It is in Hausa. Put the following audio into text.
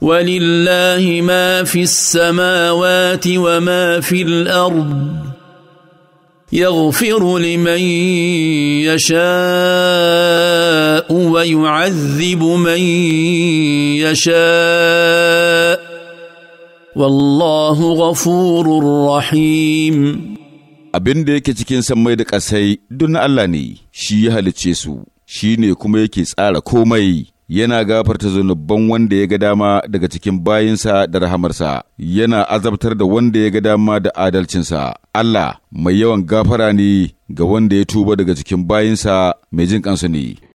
ولله ما في السماوات وما في الارض يغفر لمن يشاء ويعذب من يشاء والله غفور رحيم abin da yake cikin sammai da ƙasai duk na Allah ne shi ya halicce su shi ne kuma yake tsara komai yana gafarta zunuban wanda ya ga dama daga cikin bayinsa da rahamarsa, yana azabtar da wanda ya ga dama da adalcinsa. Allah mai yawan gafara ne ga wanda ya tuba daga cikin bayinsa mai jin kansu ne.